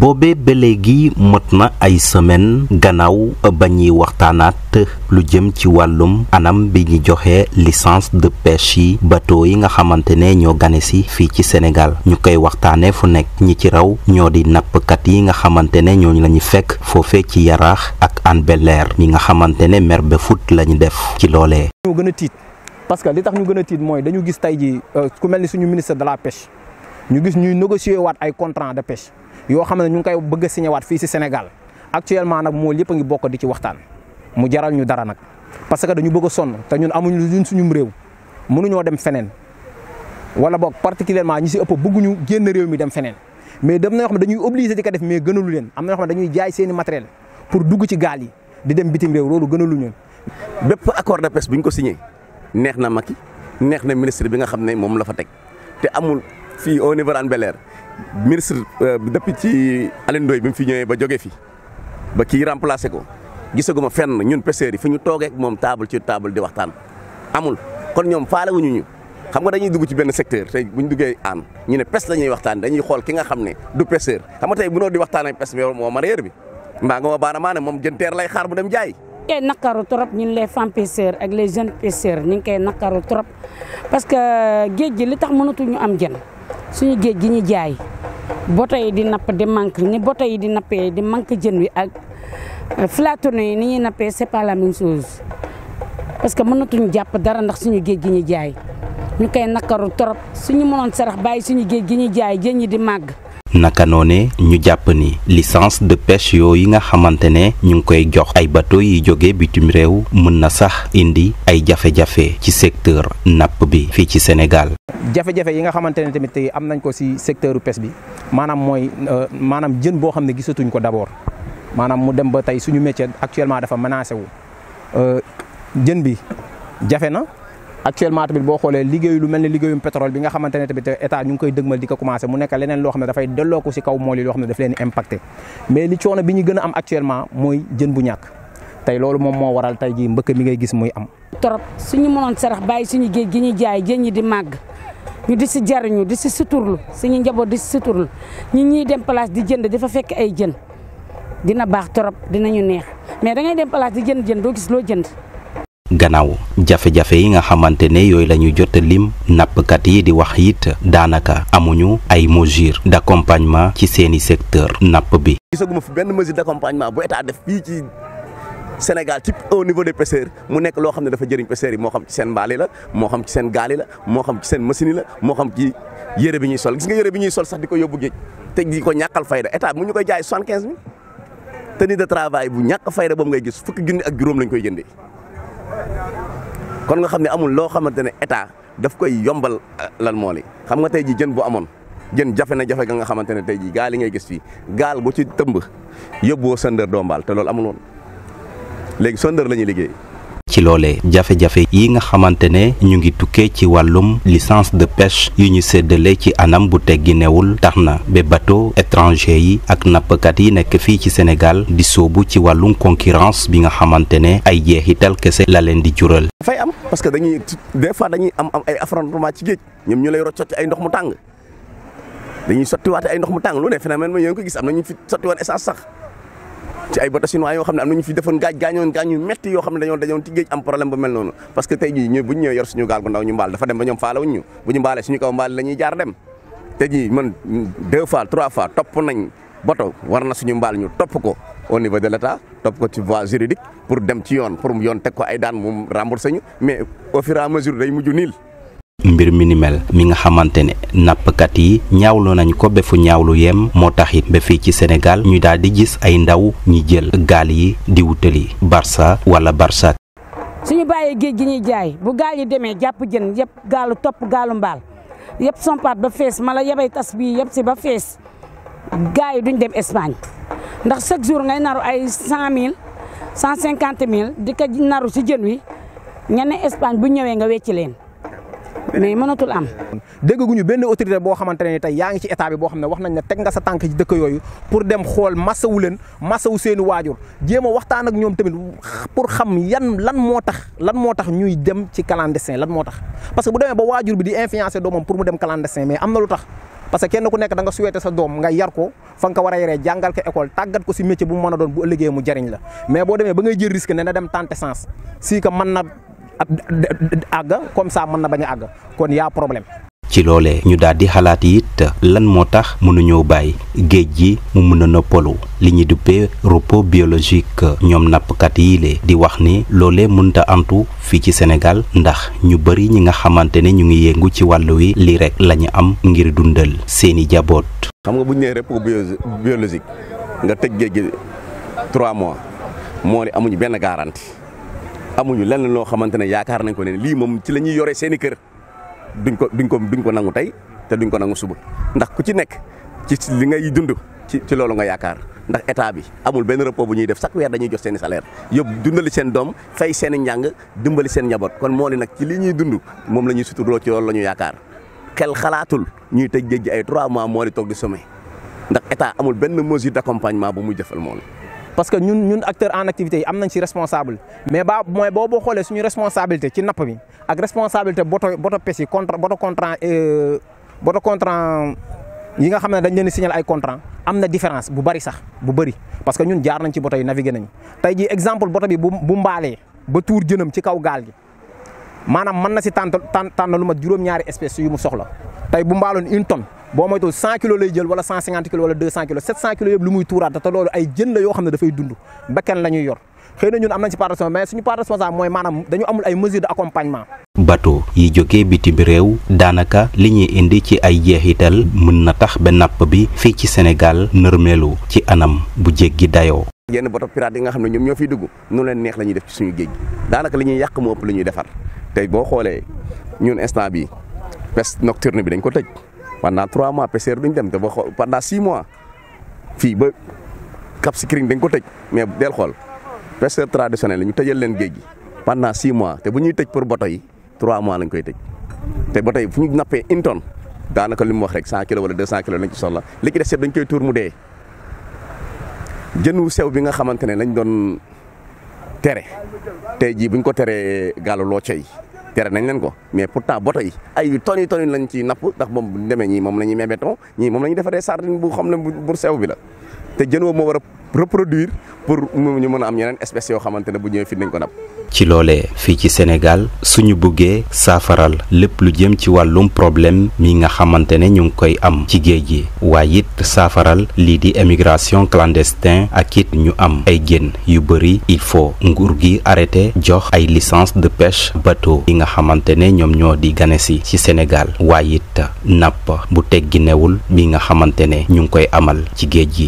boobee ba léegi mot na ay semaine gannaaw ba ñuy waxtaanaat lu jëm ci wàllum anam bi ñu joxe licence de pêche yi bato yi nga xamante ne ñoo gane si fii ci Sénégal ñu koy waxtaanee fu nekk ñi ci raw ñoo di nappkat yi nga xamante ne ñooñu la ñu fekk foofee ci yaraax ak Hann Bel-Air ñi nga xamante ne mer ba fut la ñu def ci loolee. ñoo gën a tiit parce que li tax ñu gën tiit mooy dañu gis tey ji euh, ku mel ni suñu ministre de la pêche ñu gis ñuy négocier waat ay contrat de pêche. yoo xam ne ñu ngi koy bëgg a waat fii si Sénégal actuellement nag moo yëpp ngi bokk di ci waxtaan mu jaral ñu dara nag parce que dañu bëgg sonn te ñun amuñu lu ñun suñu réew mënuñoo dem feneen wala boog particulièrement ñu si ëpp bëgguñu génn réew mi dem feneen mais dem na yoo xam ne dañuy di ko def mais gënalu leen am na yoo xam jaay seeni matériel pour dugg ci gaal yi di dem bitim réew loolu gënalu ñun. bépp accord de pêche bu ñu ko signé neex na Macky neex na ministre bi nga xam ne moom la fa teg amul. fii au niveau de Hann Bel-Air ministre euh, depuis ci Alioune Ndoye bi mu fi ñëwee ba jógee fi ba kii remplacé ko gisaguma fenn ñun pêcheurs yi fi ñu toogee moom table ci table di waxtaan amul kon ñoom faale wuñu ñu xam nga dañuy dugg ci benn secteur tey bu ñu duggee aan ñu ne pêche la ñuy waxtaan dañuy xool ki nga xam ne du pêcheur xam nga tey mënoo di waxtaan ak pêche bi moo mareyeur bi mbaa baana maa ne moom jënteer lay xaar bu dem jaay. e nakaru trop ñun les femmes pêcheurs ak les jeunes pêcheurs ñu ngi koy nakaru trop parce que géej gi li tax mënatuñu am jën. suñu géej gi ñu jaay boto yi di napp di manque ni boto yi di nappee di manque jën wi ak euh, filatone yi ni ñuy nappee c'est pas la même chose parce que mënatuñu jàpp dara ndax suñu géej gi ñu jaay ñu koy nakaru trop suñu mënoon sarax bàyyi suñu géej gi ñu jaay jën yi di màgg naka noone ñu jàpp ni licence de pêche yooyu nga xamante ne ñu ngi koy jox ay bateau yi jóge bitim réew mën na sax indi ay jafe-jafe ci secteur napp bi fii ci Sénégal. jafe-jafe yi nga xamante ne tamit tey am nañ ko ci secteur pêche bi maanaam mooy euh, maanaam jën boo xam ne gisatuñ ko d'abord maanaam mu dem ba tey suñu métier actuellement dafa menacé wu euh, jën bi jafe na. actuellement tamit boo xoolee liggéeyu lu mel ne liggéeyum pétrole bi nga xamante ne tamit état ñu ngi koy dëgmal di ko commencé mu nekk leneen loo xam ne dafay delloo ko si kaw mool loo xam ne daf leen impacté ñu am actuellement mooy jën bu ñàkk tey loolu moom moo waral tey jii mbëkk mi ngay gis muy am. torop suñu mënoon sarax bàyyi suñu géej gi ñuy jaay jën yi di màgg ñu di si jariñu di si suturlu suñu njaboot di si suturlu ñi ñuy dem place di jënd dafa fekk ay jën dina baax torop dinañu neex mais da ngay dem place jën doo gis loo jënd gannaaw jafe-jafe yi nga xamante ne yooyu la ñu jot lim nappkat yi di wax it daanaka amuñu ay mesures d'accompagnement ci seeni secteur napp bi. gisaguma fi benn mesure d'accompagnement bu état def fii ci Sénégal ci au niveau des pêcheurs mu nekk loo xam ne dafa jëriñ pêcheurs yi moo xam ci seen mbaali la moo xam ci seen gaali la moo xam ci seen machine la moo xam ci yére bi ñuy sol gis nga yére bi ñuy sol sax di ko yóbbu géej te di ko ñàkkal fayda état mu ñu koy jaay soixante-quinze mille de travail bu ñàkk fayda boobu ngay gis fukki junni ak juróom lañ koy jëndee. kon nga xam ne amul loo xamante ne état daf koy yombal euh, lan mooli xam nga tey ji jën boo amoon jën jafe na jafe ga nga xamante ne tey ji gaal yi ngay gis fii gaal bu ci tëmb yóbbuwoo sondeur doo mbaal te loolu amul woon léegi sondeur la ñuy liggéey ci loolee jafe-jafe yi nga xamante ne ñu ngi tukkee ci wàllum licence de pêche yu ñu séddale ci anam bu teggi newul tax na ba bateau étranger yi ak nappkat yi nekk fii ci Sénégal di soobu ci wàllum concurrence bi nga xamante ne ay jeexital kese la leen di jural. dafay am parce que dañuy des fois dañuy am am ay affrontement ci géej ñoom ñu lay roccoti ay ndox mu tàng dañuy sottiwaate ay ndox mu tàng lu ne phénomène ma yéen ko gis am na ñu fi sottiwoon essence sax. ci ay bateau chinois yoo xam ne am nañu fi defoon gaañ gaañoon gaañ yu metti yoo xam ne dañoo dañoon ci am problème bu mel noonu parce que tey jii bu ñu ñëwee yor gaal gu ndaw ñu mbaal dafa dem ba ñoom faalawuñ ñu bu ñu mbaalee suñu kaw mbaal la jaar dem te jii man deux fois trois fois topp nañ bateau war na suñu mbaal ñu topp ko au niveau de l'État topp ko ci voie juridique pour dem ci yoon pour yoon teg ko ay daan mu rembourser ñu mais au fur mesure day mujj niil mbir mi ni mel mi nga xamante ne nappkat yi ñaawlu nañ ko ba fu ñaawlu yem moo tax it ba fii ci Sénégal ñu daal di gis ay ndaw ñi jël gaal yi di wutali Barça wala Barça. suñu bàyyee géej gi ñuy jaay bu gaal yi demee jàpp jën yëpp gaalu topp gaalu mbaal yëpp sompaat ba fees mala yebay tas bii yëpp si ba fees gars yi duñ dem Espagne ndax chaque jour ngay naru ay cent mille cent cinquante mille di ko naru si jën wi nga ne Espagne bu ñëwee nga wecci leen. mais mënatul am. ñu benn autorité boo xamante ne tey yaa ngi ci état bi boo xam ne wax nañ ne teg nga sa tànk ci dëkk yooyu pour dem xool masawu leen masawu seeni waajur jéem a waxtaan ak ñoom tamit pour xam yan lan moo tax lan moo tax ñuy dem ci clandestin lan moo tax. parce que bu demee ba waajur bi di influencer doomam pour mu dem clandestin mais am na lu tax parce que kenn ku nekk da nga souhaité sa doom nga yar ko fa war a yaree jàngal ko école tàggat ko si métier bu mu a doon bu ëllëgee mu jariñ la mais boo demee ba na. àgg comme ça na bañ àgg kon yaa problème. ci loole ñu daal di xalaat it lan moo tax mënuñoo bàyyi géej gi mu mën a noppalu li ñu duppee repos biologique ñoom nappkat yi le di wax ni loolee mënta amtu fii ci senegal ndax ñu bëri ñi nga xamante ne ñu ngi yëngu ci wàll wi lii rek la am ngir dundal seeni jaboot. xam nga buñ ñu nee repos nga tëj géej trois mois moo di amuñu benn garantie. amuñu lenn loo xamante ne yaakaar nañ ko ne lii moom ci lañuy yore seeni kër duñ ko duñ ko duñ ko nangu tey te duñ ko nangu suba ndax ku ci nekk ci li ngay dund ci ci loolu nga yaakaar ndax état bi amul benn repos bu ñuy def chaque weer dañuy jox seen saleer salaire yóbbu dundali seen doom fay seen i njàng dimbali seen njaboot kon moo ne nag ci li ñuy dund moom la ñuy suturloo ci loolu la ñu yaakaar xel xalaatul ñuy tëj géej ay trois mois moo di toog di sommet ndax état amul benn mesure d'accompagnement bu muy jëfal moom parce que ñun ñun acteur en activité yi am nañ ci responsable mais ba mooy boo boo xoolee suñu responsabilité ci napp bi ak responsabilité boto boto pes yi contrat boto contrat euh, boto contrat yi nga xam ne dañ leen di ay contrat am na différence bu bëri sax bu bëri parce que ñun jaar nañ ci boto yi navigué nañ tey jii exemple boto bi bu bu mbaalee ba tuur jënam ci kaw gaal gi maanaam mën na si tànn tànn lu ma juróom-ñaari espèces yu mu soxla tey bu mbaaloon une tone boo moytuwul 100 kilos lay jël wala 150 kilos wala 200 kilos 700 kilos yëpp lu muy tuuraat te loolu ay jën la yoo xam ne dafay dund bakkan la yor xëy na ñun am nañ ci part responsable mais suñu part responsable mooy maanaam dañu amul ay mesures d'accompagnement. bateau yi jógee bitim réew daanaka li ñuy indi ci ay jeexital mën na tax ba napp bi fii ci Sénégal nërmeelu ci anam bu jéggi dayoo. yenn bateau pirate yi nga xam ne ñoom ñoo fiy dugg nu leen neex la ñuy def ci suñu géej daanaka li ñuy yàq moo ëpp li ñuy defar tey boo xoolee ñun instant bi pêche nocturne bi dañ ko tëj pendant trois mois PCR duñ dem te ba xool pendant mois fii ba Cap Skirring dañ ko tëj mais del xool PCR traditionnel ñu tëjal leen géej gi pendant six mois te bu ñuy tëj pour bato yi trois mois lañ koy tëj te bato yi fu ñu nappee une daanaka li mu wax rek cent kilo wala deux cent kilos lañ ci soxla li ci des dañ koy tuur mu dee jën wu sew bi nga xamante ne lañ doon tere te jii buñ ko teree gaalu loo cay tere nañ leen ko mais pourtant bato yi ay toni toni lañ ciy napp ndax moom bu demee ñi moom la ñuy mee béton ñii moom la ñuy defaree sardine bu xam ne bu sew bi la te jën woo moo war a reproduire pour ñu mën a am yeneen espèces yoo xamante ne bu ñëwee fi nañ ci loolee fii ci Sénégal suñu buggee saafaral lépp lu jëm ci wàllum problème mi nga xamante ne ñu ngi koy am ci géej gi waaye it saafaral lii di émigration clandestine ak it ñu am ay génn yu bëri il faut nguur gi arrêté jox ay licence de pêche bateau yi nga xamante ne ñoom ñoo di ganesi ci Sénégal waaye it napp bu tegginewul bi nga xamante ne ñu ngi koy amal ci géej gi